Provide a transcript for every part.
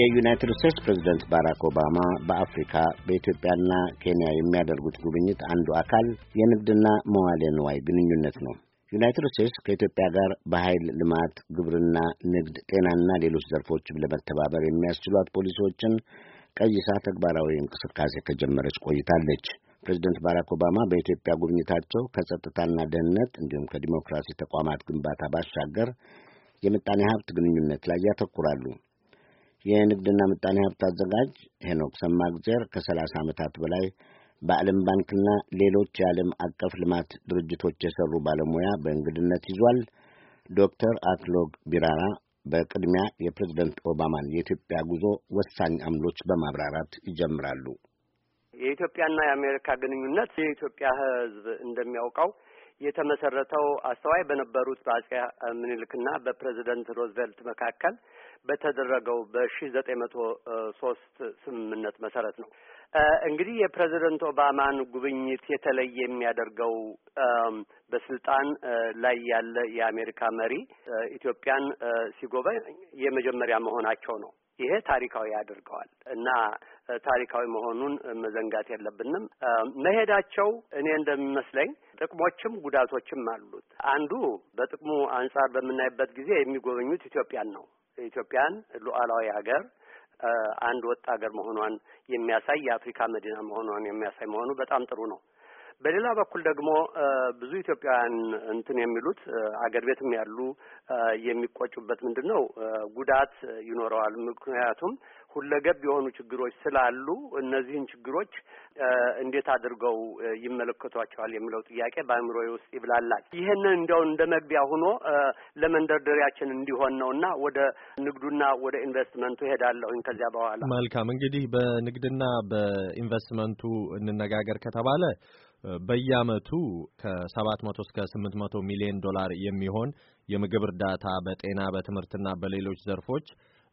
የዩናይትድ ስቴትስ ፕሬዝደንት ባራክ ኦባማ በአፍሪካ በኢትዮጵያና ኬንያ የሚያደርጉት ጉብኝት አንዱ አካል የንግድና መዋለ ንዋይ ግንኙነት ነው። ዩናይትድ ስቴትስ ከኢትዮጵያ ጋር በኃይል ልማት፣ ግብርና፣ ንግድ፣ ጤናና ሌሎች ዘርፎችም ለመተባበር የሚያስችሏት ፖሊሲዎችን ቀይሳ ተግባራዊ እንቅስቃሴ ከጀመረች ቆይታለች። ፕሬዚደንት ባራክ ኦባማ በኢትዮጵያ ጉብኝታቸው ከጸጥታና ደህንነት እንዲሁም ከዲሞክራሲ ተቋማት ግንባታ ባሻገር የምጣኔ ሀብት ግንኙነት ላይ ያተኩራሉ። የንግድና ምጣኔ ሀብት አዘጋጅ ሄኖክ ሰማግዜር ከሰላሳ ዓመታት በላይ በዓለም ባንክና ሌሎች የዓለም አቀፍ ልማት ድርጅቶች የሰሩ ባለሙያ በእንግድነት ይዟል። ዶክተር አክሎግ ቢራራ በቅድሚያ የፕሬዝደንት ኦባማን የኢትዮጵያ ጉዞ ወሳኝ አምሎች በማብራራት ይጀምራሉ። የኢትዮጵያና የአሜሪካ ግንኙነት የኢትዮጵያ ሕዝብ እንደሚያውቀው የተመሰረተው አስተዋይ በነበሩት በአጼ ምኒልክና በፕሬዚደንት ሮዝቬልት መካከል በተደረገው በሺ ዘጠኝ መቶ ሶስት ስምምነት መሰረት ነው። እንግዲህ የፕሬዚደንት ኦባማን ጉብኝት የተለየ የሚያደርገው በስልጣን ላይ ያለ የአሜሪካ መሪ ኢትዮጵያን ሲጎበኝ የመጀመሪያ መሆናቸው ነው። ይሄ ታሪካዊ ያደርገዋል እና ታሪካዊ መሆኑን መዘንጋት የለብንም። መሄዳቸው እኔ እንደሚመስለኝ ጥቅሞችም ጉዳቶችም አሉት። አንዱ በጥቅሙ አንጻር በምናይበት ጊዜ የሚጎበኙት ኢትዮጵያን ነው። ኢትዮጵያን ሉዓላዊ ሀገር አንድ ወጥ ሀገር መሆኗን የሚያሳይ የአፍሪካ መዲና መሆኗን የሚያሳይ መሆኑ በጣም ጥሩ ነው። በሌላ በኩል ደግሞ ብዙ ኢትዮጵያውያን እንትን የሚሉት አገር ቤትም ያሉ የሚቆጩበት ምንድን ነው ጉዳት ይኖረዋል። ምክንያቱም ሁለገብ የሆኑ ችግሮች ስላሉ እነዚህን ችግሮች እንዴት አድርገው ይመለከቷቸዋል የሚለው ጥያቄ በአእምሮ ውስጥ ይብላላል። ይህንን እንዲያው እንደ መግቢያ ሆኖ ለመንደርደሪያችን እንዲሆን ነው እና ወደ ንግዱና ወደ ኢንቨስትመንቱ ሄዳለሁኝ። ከዚያ በኋላ መልካም እንግዲህ በንግድና በኢንቨስትመንቱ እንነጋገር ከተባለ በየአመቱ ከ700 እስከ 800 ሚሊዮን ዶላር የሚሆን የምግብ እርዳታ በጤና በትምህርትና በሌሎች ዘርፎች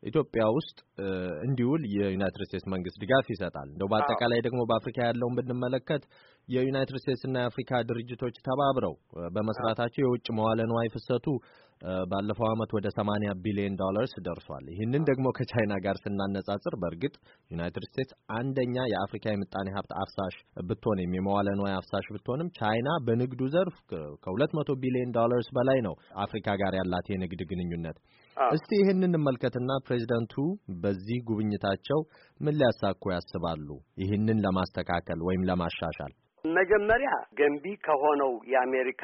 ኢትዮጵያ ውስጥ እንዲውል የዩናይትድ ስቴትስ መንግስት ድጋፍ ይሰጣል። እንደው በአጠቃላይ ደግሞ በአፍሪካ ያለውን ብንመለከት የዩናይትድ ስቴትስና የአፍሪካ ድርጅቶች ተባብረው በመስራታቸው የውጭ መዋለ ንዋይ ፍሰቱ ባለፈው ዓመት ወደ 80 ቢሊዮን ዶላርስ ደርሷል። ይህንን ደግሞ ከቻይና ጋር ስናነጻጽር በእርግጥ ዩናይትድ ስቴትስ አንደኛ የአፍሪካ የምጣኔ ሀብት አፍሳሽ ብትሆን የመዋለ ንዋይ አፍሳሽ ብትሆንም ቻይና በንግዱ ዘርፍ ከ200 ቢሊዮን ዶላርስ በላይ ነው አፍሪካ ጋር ያላት የንግድ ግንኙነት። እስቲ ይህንን እንመልከትና ፕሬዚደንቱ በዚህ ጉብኝታቸው ምን ሊያሳኩ ያስባሉ? ይህንን ለማስተካከል ወይም ለማሻሻል መጀመሪያ ገንቢ ከሆነው የአሜሪካ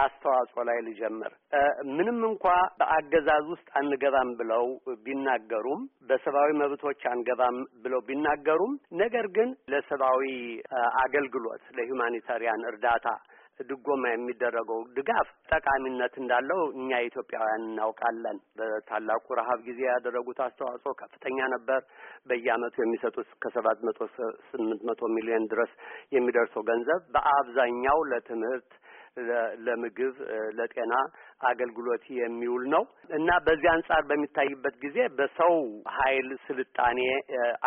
አስተዋጽኦ ላይ ልጀምር። ምንም እንኳ በአገዛዝ ውስጥ አንገባም ብለው ቢናገሩም በሰብአዊ መብቶች አንገባም ብለው ቢናገሩም ነገር ግን ለሰብአዊ አገልግሎት ለሁማኒታሪያን እርዳታ ድጎማ የሚደረገው ድጋፍ ጠቃሚነት እንዳለው እኛ ኢትዮጵያውያን እናውቃለን። በታላቁ ረሀብ ጊዜ ያደረጉት አስተዋጽኦ ከፍተኛ ነበር። በየዓመቱ የሚሰጡት ከሰባት መቶ ስምንት መቶ ሚሊዮን ድረስ የሚደርሰው ገንዘብ በአብዛኛው ለትምህርት ለምግብ፣ ለጤና አገልግሎት የሚውል ነው እና በዚህ አንጻር በሚታይበት ጊዜ በሰው ኃይል ስልጣኔ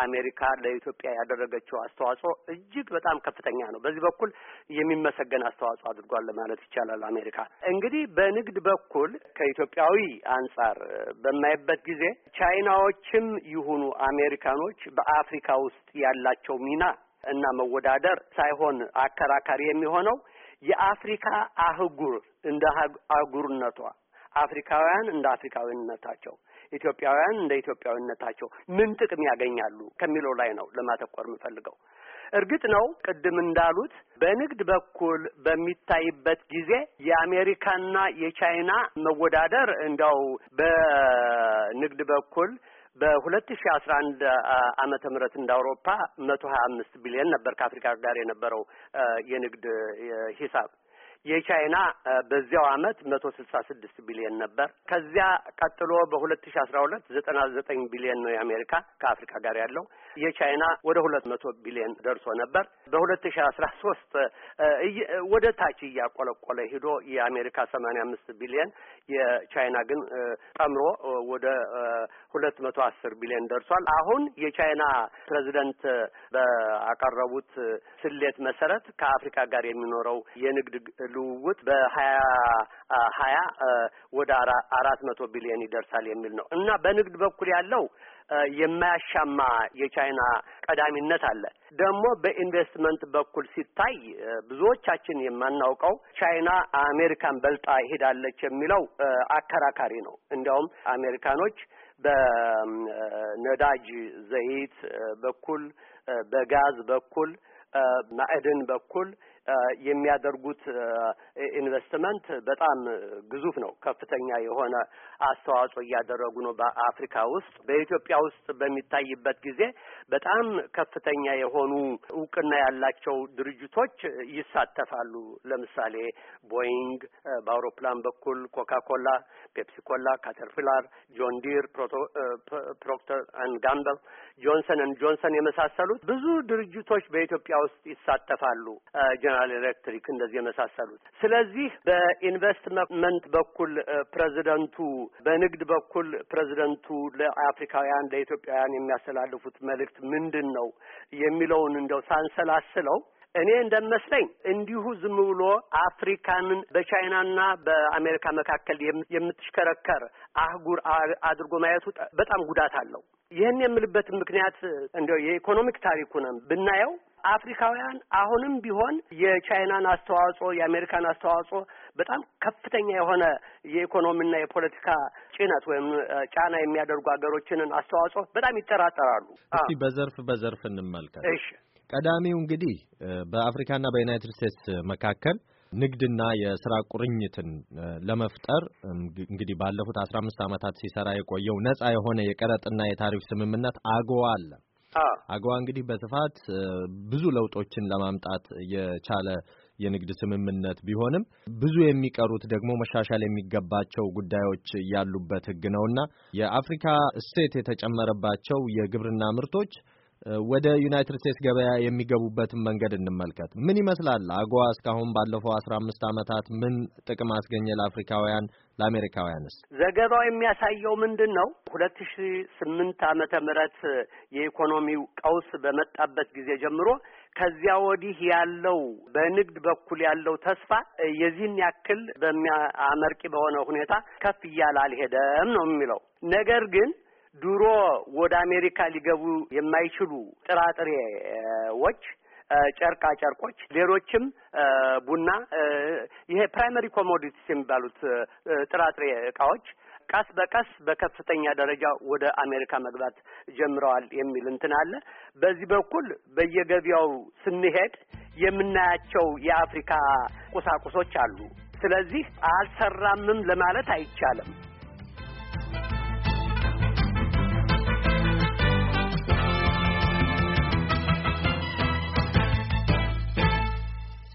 አሜሪካ ለኢትዮጵያ ያደረገችው አስተዋጽኦ እጅግ በጣም ከፍተኛ ነው። በዚህ በኩል የሚመሰገን አስተዋጽኦ አድርጓል ለማለት ይቻላል። አሜሪካ እንግዲህ በንግድ በኩል ከኢትዮጵያዊ አንጻር በማይበት ጊዜ ቻይናዎችም ይሁኑ አሜሪካኖች በአፍሪካ ውስጥ ያላቸው ሚና እና መወዳደር ሳይሆን አከራካሪ የሚሆነው የአፍሪካ አህጉር እንደ አህጉርነቷ፣ አፍሪካውያን እንደ አፍሪካዊነታቸው፣ ኢትዮጵያውያን እንደ ኢትዮጵያዊነታቸው ምን ጥቅም ያገኛሉ ከሚለው ላይ ነው ለማተኮር የምፈልገው። እርግጥ ነው ቅድም እንዳሉት በንግድ በኩል በሚታይበት ጊዜ የአሜሪካና የቻይና መወዳደር እንዲያው በንግድ በኩል በሁለት ሺ አስራ አንድ አመተ ምህረት እንደ አውሮፓ መቶ ሀያ አምስት ቢሊዮን ነበር ከአፍሪካ ጋር የነበረው የንግድ ሂሳብ የቻይና በዚያው አመት መቶ ስልሳ ስድስት ቢሊየን ነበር። ከዚያ ቀጥሎ በሁለት ሺ አስራ ሁለት ዘጠና ዘጠኝ ቢሊየን ነው የአሜሪካ ከአፍሪካ ጋር ያለው። የቻይና ወደ ሁለት መቶ ቢሊየን ደርሶ ነበር። በሁለት ሺ አስራ ሶስት ወደ ታች እያቆለቆለ ሂዶ የአሜሪካ ሰማንያ አምስት ቢሊየን የቻይና ግን ጠምሮ ወደ ሁለት መቶ አስር ቢሊዮን ደርሷል። አሁን የቻይና ፕሬዚደንት በአቀረቡት ስሌት መሰረት ከአፍሪካ ጋር የሚኖረው የንግድ ልውውጥ በሀያ ሀያ ወደ አራት መቶ ቢሊዮን ይደርሳል የሚል ነው እና በንግድ በኩል ያለው የማያሻማ የቻይና ቀዳሚነት አለ። ደግሞ በኢንቨስትመንት በኩል ሲታይ ብዙዎቻችን የማናውቀው ቻይና አሜሪካን በልጣ ይሄዳለች የሚለው አከራካሪ ነው። እንዲያውም አሜሪካኖች በነዳጅ ዘይት በኩል በጋዝ በኩል ማዕድን በኩል የሚያደርጉት ኢንቨስትመንት በጣም ግዙፍ ነው። ከፍተኛ የሆነ አስተዋጽኦ እያደረጉ ነው በአፍሪካ ውስጥ። በኢትዮጵያ ውስጥ በሚታይበት ጊዜ በጣም ከፍተኛ የሆኑ እውቅና ያላቸው ድርጅቶች ይሳተፋሉ። ለምሳሌ ቦይንግ በአውሮፕላን በኩል፣ ኮካ ኮላ፣ ፔፕሲ ኮላ፣ ካተርፒላር፣ ጆን ዲር፣ ፕሮክተር አንድ ጋምበል፣ ጆንሰን አንድ ጆንሰን የመሳሰሉት ብዙ ድርጅቶች በኢትዮጵያ ውስጥ ይሳተፋሉ። ጀነራል ኤሌክትሪክ እንደዚህ የመሳሰሉት። ስለዚህ በኢንቨስትመንት በኩል ፕሬዚደንቱ፣ በንግድ በኩል ፕሬዚደንቱ ለአፍሪካውያን ለኢትዮጵያውያን የሚያስተላልፉት መልእክት ምንድን ነው የሚለውን እንደው ሳንሰላስለው እኔ እንደመስለኝ እንዲሁ ዝም ብሎ አፍሪካንን በቻይናና በአሜሪካ መካከል የምትሽከረከር አህጉር አድርጎ ማየቱ በጣም ጉዳት አለው። ይህን የምልበት ምክንያት እንደው የኢኮኖሚክ ታሪኩንም ብናየው አፍሪካውያን አሁንም ቢሆን የቻይናን አስተዋጽኦ የአሜሪካን አስተዋጽኦ በጣም ከፍተኛ የሆነ የኢኮኖሚና የፖለቲካ ጭነት ወይም ጫና የሚያደርጉ ሀገሮችንን አስተዋጽኦ በጣም ይጠራጠራሉ። እስቲ በዘርፍ በዘርፍ እንመልከት። እሺ፣ ቀዳሚው እንግዲህ በአፍሪካና በዩናይትድ ስቴትስ መካከል ንግድና የስራ ቁርኝትን ለመፍጠር እንግዲህ ባለፉት አስራ አምስት ዓመታት ሲሰራ የቆየው ነጻ የሆነ የቀረጥና የታሪፍ ስምምነት አጎዋ አለ። አገዋ እንግዲህ በስፋት ብዙ ለውጦችን ለማምጣት የቻለ የንግድ ስምምነት ቢሆንም ብዙ የሚቀሩት ደግሞ መሻሻል የሚገባቸው ጉዳዮች ያሉበት ህግ ነውና የአፍሪካ እሴት የተጨመረባቸው የግብርና ምርቶች ወደ ዩናይትድ ስቴትስ ገበያ የሚገቡበትን መንገድ እንመልከት። ምን ይመስላል? አጎዋ እስካሁን ባለፈው አስራ አምስት ዓመታት ምን ጥቅም አስገኘ ለአፍሪካውያን ለአሜሪካውያንስ? ዘገባው የሚያሳየው ምንድን ነው? ሁለት ሺ ስምንት ዓመተ ምህረት የኢኮኖሚው ቀውስ በመጣበት ጊዜ ጀምሮ ከዚያ ወዲህ ያለው በንግድ በኩል ያለው ተስፋ የዚህን ያክል በሚያመርቂ በሆነ ሁኔታ ከፍ እያለ አልሄደም ነው የሚለው ነገር ግን ድሮ ወደ አሜሪካ ሊገቡ የማይችሉ ጥራጥሬዎች፣ ጨርቃ ጨርቆች፣ ሌሎችም ቡና፣ ይሄ ፕራይመሪ ኮሞዲቲስ የሚባሉት ጥራጥሬ እቃዎች ቀስ በቀስ በከፍተኛ ደረጃ ወደ አሜሪካ መግባት ጀምረዋል የሚል እንትን አለ። በዚህ በኩል በየገበያው ስንሄድ የምናያቸው የአፍሪካ ቁሳቁሶች አሉ። ስለዚህ አልሰራምም ለማለት አይቻልም።